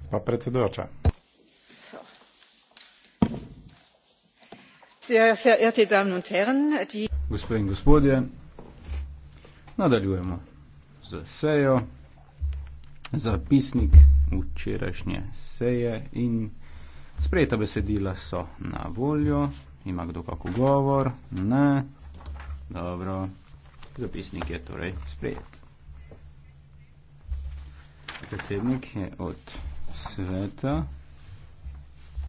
gospa predsedujoča gospe in gospodje nadaljujemo s sejo zapisnik včerajšnje seje in sprejeta besedila so na voljo ima kdo kak ugovor ne dobro zapisnik je torej sprejet predsednik je od sveta.